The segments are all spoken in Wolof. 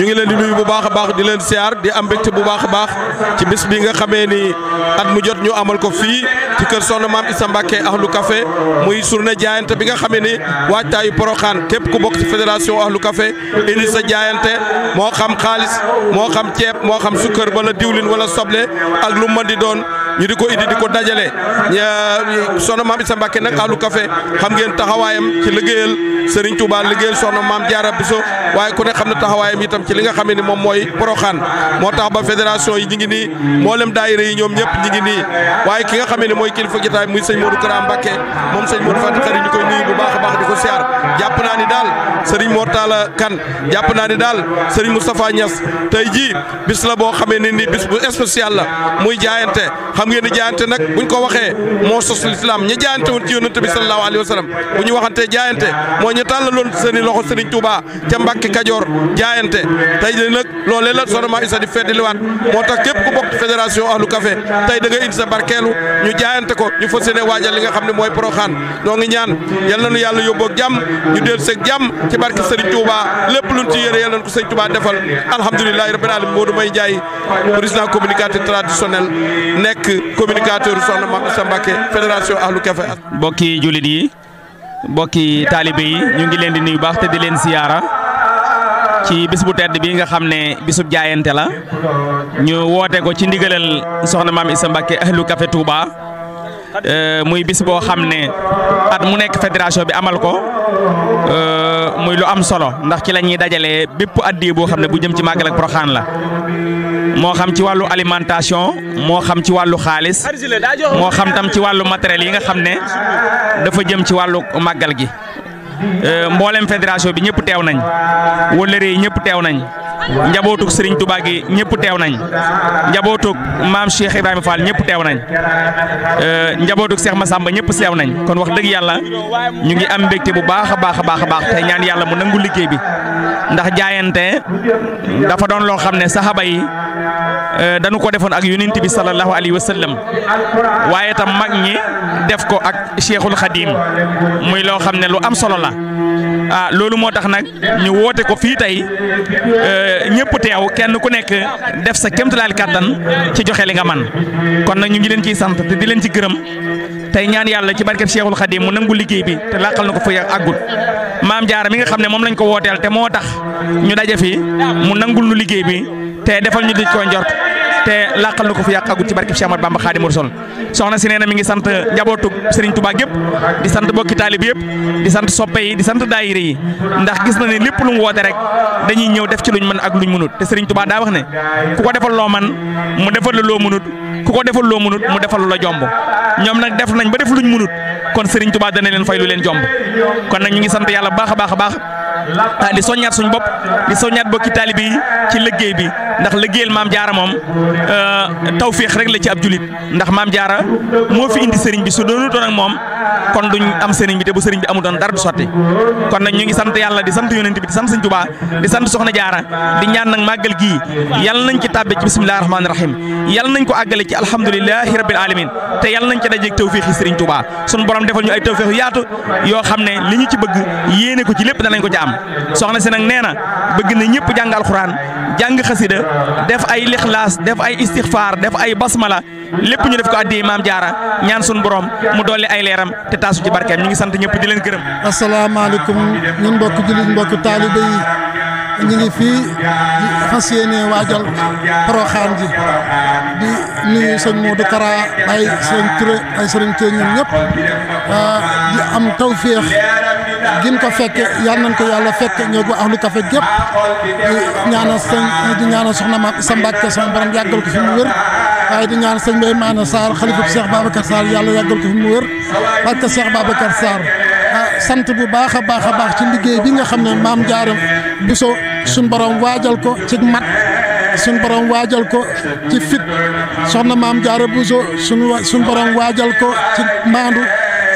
ñu ngi leen di nuyu bu baax a baax di leen siyaar di am mbégte bu baax a baax ci bis bi nga xamee ni at mu jot ñu amal ko fii ci kër Soxna Maam Issa ak lu Café muy journée jaayante bi nga xamee ni waajtaayu Porokhane képp ku bokk ci fédération Ahlu Café indi sa jaayante moo xam xaalis moo xam ceeb moo xam sukkër wala diwlin wala soble ak lu mën di doon ñu di ko indi di ko dajale soxna maam sa mbakke nag Allou kafe xam ngeen taxawaayam ci liggéeyal Serigne Touba liggéeyal soxna maam Diarra Bousso waaye ku ne xam ne taxawaayam itam ci li nga xamee ni moom mooy Porokhane moo tax ba fédération yi ñu ngi nii mboolem daayira yi ñoom ñëpp ñu ngi nii waaye ki nga xamee ni mooy kilifa jotaay muy sëñ Modou Kara Mbacke moom sëñ Modou Fati Xari ñu koy nuyu bu a jàpp naa ni daal Serigne Mortala Kane jàpp naa ni daal Serigne Moustapha Niass tey jii bis la boo xamee ne nii bis bu spécial la muy jaayante xam ngeen ne jaayante nag buñ ko waxee moo sos lislaam ñi jaayante woon ci yonent bi sallallahu alayhi wa sallam bu ñu waxantee jaayante mooy ñu tàllaloon seeni loxo sëriñ Touba ca Mbàkke Kajoor jaayante tey de nag loolee la sonoment isa di feddiliwaat moo tax képp ku bokk fédération ahlu café tey da nga indi sa barkeelu ñu jaayante ko ñu fas yéene waajal li nga xam ne mooy Poroxaan noo ngi ñaan yal nañu yàlla yóbboog jàmm ñu del seeg jàmm ci barke sëriñ Touba nekk communicateur soxna Mame Issa Mbacké fédération Ahlu Café mbokki jullit yi mbokki taalibe yi ñu ngi leen di nuyu baax te di leen siyaara ci bis bu tedd bi nga xam ne bisub jaayante la ñu woote ko ci ndigalal soxna Mame Issa Mbacké Ahlu Café Touba Euh, muy bis boo xam ne at mu nekk fédération bi amal ko euh, muy lu am solo ndax ci la ñuy dajalee bépp addi boo xam ne bu jëm ci màggal ak Porokhane la moo xam ci wàllu alimentation moo xam ci wàllu xaalis moo xam tam ci wàllu matériel yi nga xam ne dafa jëm ci wàllu màggal gi. Euh, mboolem fédération bi ñëpp teew nañ wëllëre yi ñëpp teew nañ njabootug Serigne Touba gi ñëpp teew nañ njabootug maam Cheikh Ibrahima Fall ñëpp teew nañ seex euh, ma Massamba ñëpp teew nañ kon wax dëgg yàlla ñu ngi am mbégte bu baax a baax a baax a baax te ñaan yàlla mu nangu liggéey bi ndax jaayante dafa doon loo xam ne saxaba yi euh, dañu ko defoon ak yonent bi sallallahu alayhi wa waaye itam mag ñi def ko ak Cheikhul Khadim muy loo xam ne lu am solo la Touba ah loolu moo tax nag ñu woote ko fii tey euh, ñëpp teew kenn ku nekk def sa kéemtalaal kàttan ci joxe li nga man kon nag ñu ngi leen ciy sant te di leen ci gërëm tey ñaan yàlla ci barkeb Cheikhul Khadim mu nangu liggéey bi te làqal na ko fu àggut maam Jaara mi nga xam ne moom lañ ko wooteel te moo tax ñu daje fi mu nangul lu liggéey bi te defal ñu di ko njort. te làqal na ko fi yàqagut ci barkeb Cheikh Ahmadou Bamba Xaadimu Rasuul soxna si nee na mi ngi sant njabootu Serigne Touba gépp di sant bokki taalib yëpp di sant soppe yi di sant daayira yi ndax gis na ne lépp lu mu woote rek dañuy ñëw def ci luñ mën ak luñ mënut te Serigne Touba daa wax ne ku ko defal loo man mu defal la loo mënut ku ko defal loo mënut mu defal la jomb ñoom nag def nañ ba def luñ mënut kon Serigne Touba dana leen fay lu leen jomb kon nag ñu ngi sant yàlla baax a baax a baax ah di soññaat suñ bopp di soññaat bokki taalibe yi ci liggéey bi ndax liggéeyal maam jaara moom euh, tawféex rek la ci ab julit ndax maam jaara moo fi indi sëriñ bi su doonutoon ak moom kon duñ am sëriñ bi te bu sëriñ bi amutoon dara du sotti kon nag ñu ngi sant yàlla di sant yonent bi di sant sëñ Tuubaa di sant soxna jaara di ñaan nag màggal gii yàlla nañ ci tàbbe ci bismillaahi rahmaani rahim yàlla nañ ko àggale ci alhamdulillaahi rabbil alamin te yàlla nañ ci dajeeg tawféexi sëriñ Tuubaa suñ borom defal ñu ay tawféex ko ci lépp ko ci xam-xam soxna si nag bëgg na ñëpp jàng alxuraan jàng xasida def ay lixlaas def ay istixfaar def ay basmala lépp ñu def ko addi maam jaara ñaan suñu borom mu dolli ay leeram te taasu ci barkeem ñu ngi sant ñëpp di leen gërëm. asalaamaaleykum ñun mbokk jullit mbokk taalibe yi ñu ngi fii fas yéene waajal poroxaan ji di nuyu sëñ Modou Kara ay sëñ ay sëriñ Touré ñun ñëpp ah, am tawféex. gin ko fekke yal nañ ko yàlla fekke ñoo gu ahlu kafe gépp di ñaanal sëñ di ñaanal soxna ma sa Mbàkke sa borom yàggal ko fi di ñaan sëñ Mbaye Maana Sarr xalifa Cheikh Babacar Sarr yàlla yàggal ko fi mu wér barke Cheikh Babacar Sarr ah, sant bu baax a baax a baax ci liggéey bi nga xam ne maam jaaram Bousso suñ borom waajal ko ci mat suñ borom waajal ko ci fit soxna maam jaara Bousso suñ suñ borom waajal ko ci maandu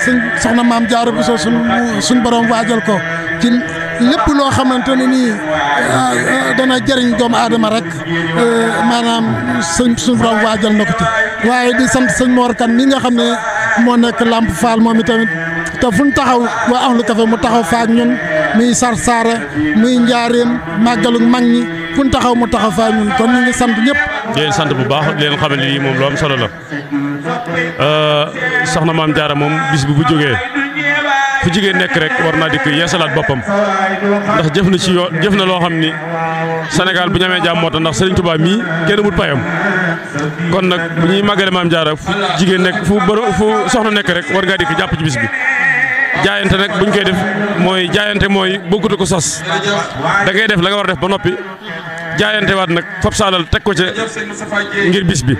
suñ soxna maam Jaara Buso suñ suñ borom waajal ko ci lépp loo xamante ne nii ah, ah, dana jëriñ doomu aadama rek eh, maanaam suñ suñ borom waajal na ci waaye di sant sëñ moor Kan mi nga xam ne moo nekk làmp Fall moom itamit te fu ñu taxaw waa ahlu café mu taxaw faak ñun muy Sarsara muy njaareem màggalu mag ñi fu ñu taxaw mu taxaw faak ñun kon ñu ngi sant ñëpp. leen sant bu baax di leen xamal ni moom lu am solo la. Euh, soxna maam jaara moom bis bi bu jógee fu jigéen nekk rek war naa dikk yeesalaat boppam ndax jëf na ci yoo jëf na loo xam ni senegal bu ñamee jàmm moo tax ndax Serigne Touba mii kenn wut payam kon nag bu ñuy màggale maam jaara fu jigéen nekk rek war ngaa jàpp ci bis bi jaayante nag buñ koy def mooy jaayante mooy bëggutu ko sas da ngay def la nga war def ba noppi jaayante waat nag fab saalal teg ko ca ngir bis bi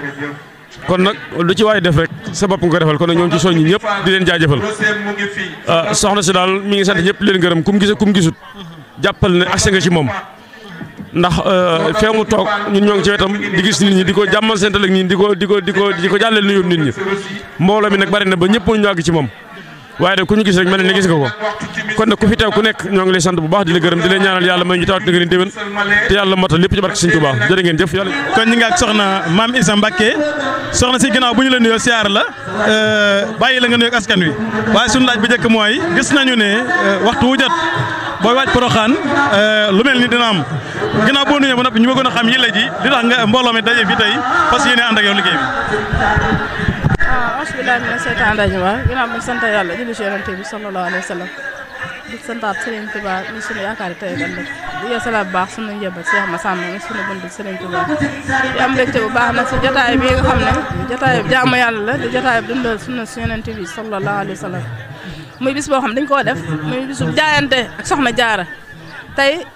kon nag lu ci waaye def rek sa bopp nga ko defal kon nag ñoom ci ci yi ñëpp di leen jaajëfal ah, soxna si daal mi ngi sant ñëpp di leen gërëm kum gise kum gisut jàppal ne accès nga ci moom ndax euh, fee mu toog ñu ñoo ngi ci wetam di gis nit ñi di ko jàmmal seen talag nit ñi di ko di ko di ko di ko jàllel nit ñi mbooloo mi nag bari na ba ñëpp ñu àgg ci moom waaye nag ku ñu gis rek mel gis ko kon nag ku fi teew ku nekk ñoo ngi lay sant bu baax di la gërëm di la ñaanal yàlla may ñu tawaat ngeen déwén te yàlla matal lépp ci barke Sëñ Tuubaa jërë ngeen ak soxna maam Issa Mbacké soxna si ginnaaw bu ñu la nuyoo siyaar la euh, bàyyi la nga nuyoog askan wi waaye suñu laaj bu njëkk mooy gis nañu ne euh, waxtu wu jot booy waaj poroxaan euh, lu mel ni dina am ginnaaw boo nuyoo ba noppi ñu bëggoon a xam yi la ji li tax nga mi daje fi tey parce que yéen ànd ak waaw asbilahi mina seytaan rajim waaw ginnaaw bi sant yàlla julli ci yonent bi sallallahu alayhi wa sallam di santaat Serigne Touba mi sunu yaakaar yi tey ëllëg di yeesalaat bu baax sunu njëbal Cheikh Massamba mi sunu bunt Serigne Touba di am mbégte bu baax nag si jotaay bi nga xam ne jotaay jaamu yàlla la di jotaay sunu yonent bi sallallahu alayhi wa muy bis xam dañ koo def muy bisu jaayante soxna jaara tey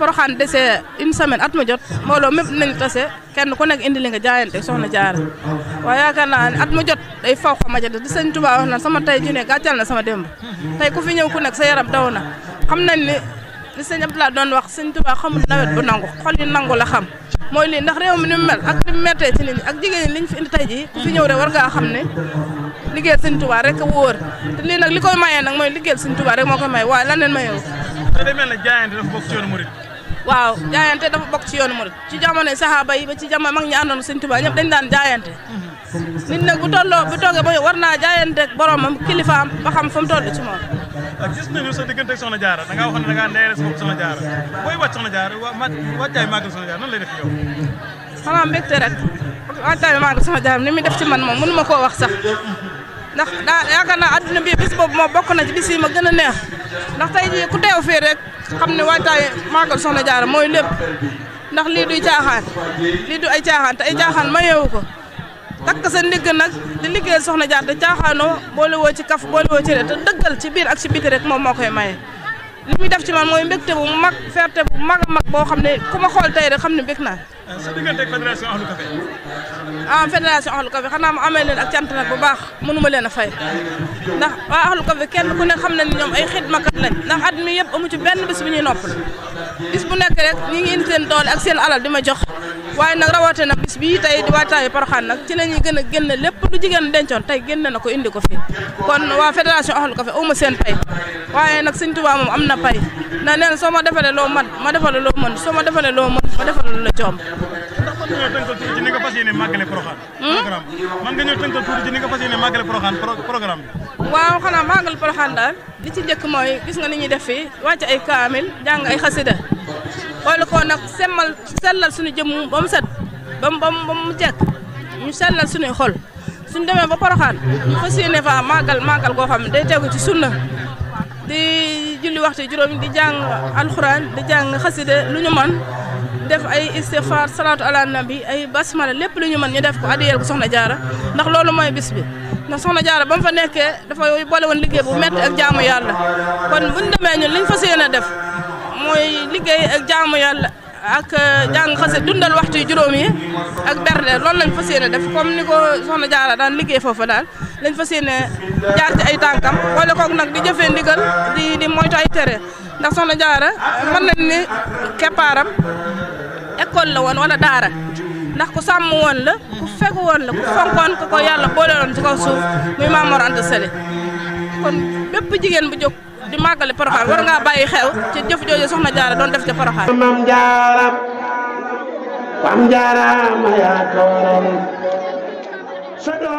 Porokhane dese une semaine at ma jot mbooloo mépp nañ tase kenn ku nekk indi li nga jaayante soxna jaara waaye yaakaar naa at ma jot day faw ko ma jot di sëñ Tuubaa wax na sama tey ju ne gàccal na sama démb tey ku fi ñëw ku nekk sa yaram daw na xam nañ ni li sëñ Abdoulaye doon wax sëñ Tuubaa xamul nawet bu nangu xol yi nangu la xam mooy lii ndax réew mi ni mu mel ak ni mu mettee ci nit ñi ak jigéen ñi jii ku ñëw rek war ngaa xam ne liggéeyal sëñ Tuubaa rek wóor te lii nag li koy mayee nag mooy liggéeyal sëñ Tuubaa rek moo koy may waaye laneen mayoo te day mel ne jaayante dafa bokk ci yoonu murit waaw jaayante dafa bokk ci yoonu murit ci jamono saxaaba yi ba ci jamono mag ñi àndoon Sëñ Tuubaa ñëpp dañ daan jaayante nit nag bu tolloo bu toogee ba war naa jaayante ak boromam kilifaam ba xam fa mu toll ci moom ak gis nañu sa diggante ak soxna jaara da ngaa waxoon ne da sa bopp soxna jaara booy wàcc soxna jaara wàccaay màggal soxna def yow xanaa mbégte rek wàccaay màggal soxna jaara ni def ci man moom mënu ma koo wax sax ndax daa yaakaar naa adduna bi bis boobu moo bokk na ci bis ma gën ndax tey ku teew fii rek xam ne waajtaay màggal soxna jaara mooy lépp ndax lii duy caaxaan lii du ay caaxaan te ay caaxaan mayeewu ko takk sa ndigg nag di liggéeyal soxna jaar te caaxaanoo boole woo ci kaf boole woo ci re te dëggal ci biir ak ci biti rek moom moo koy maye li muy def ci man mooy mbégte bu mag ferte bu mag a mag boo xam ne ku ma xool tey rek xam ne bég naa sa diggante ak fédération Ahlu Café. ah fédération Ahlu Café xanaa mu amee leen ak cant nag bu baax ma leen a fay ndax waa Ahlu Café kenn ku ne xam na ni ñoom ay xidmakat lañ ndax at mi yëpp amu ci benn bis bu ñuy noppal bis bu nekk rek ñi ngi indi seen doole ak seen alal di ma jox waaye nag rawate na bis bii tey di waajtaayu Porokhane nag ci la ñuy gën a génne lépp lu jigéen dencoon tey génne na ko indi ko fi kon waa fédération Ahlu Café amu seen pay waaye nag Sëñ Tuubaa am na pay na neen soo ma defalee loo man ma defalee loo mën soo ma defalee loo mën ma defalee lu la coom. ndax mën nga ñëw tënkal tuuti ci ni nga fas yéene màggale Porokhane. Hmm? programme bi mën nga ñëw tënkal tuuti ci ni nga fas yéene màggale Porokhane programme bi. waaw xanaa màggal Porokhane daal li ci njëkk mooy gis nga ni ñuy def fii wàcc ay kaamil jàng ay xasida xool ko nag semmal sellal suñu jëmm ba mu set ba mu ba mu jekk ñu sellal suñuy xol suñu demee ba Porokhane fas yéene fa màggal màggal goo xam ne day tegu ci sunna di julli waxtu juróom di jàng alxuraan di jàng xaside lu ñu mën def ay istifaar salaatu ala nabi ay basmala lépp lu ñu mën ñu def ko addiyeel ko soxna jaara ndax loolu mooy bis bi ndax soxna jaara ba mu fa nekkee dafa boole woon liggéey bu métti ak jaamu yàlla kon buñ demee ñun liñ fas yéene def mooy liggéey ak jaamu yàlla ak euh, jàng xase dundal waxtu juróom yi ak berde loolu lañ fas yéene def comme ni ko soxna Jaara daan liggéey foofa daal lañ fa yéene jaar ci ay tànkam boole koog nag di jëfee ndigal di di moytu ay tere ndax soxna Jaara mën nañ ni keppaaram école la woon wala daara ndax ku sàmm woon la ku fegu woon la ku fonkoon ko ko yàlla boole woon ci kaw suuf muy Maam Mor Anta kon bépp jigéen bu jóg di màggale Porokhane war ngaa bàyyi xew ci jëf jooju soxna jaara doon def ca Porokhane mam jaaram mam jaara ma yaa tooram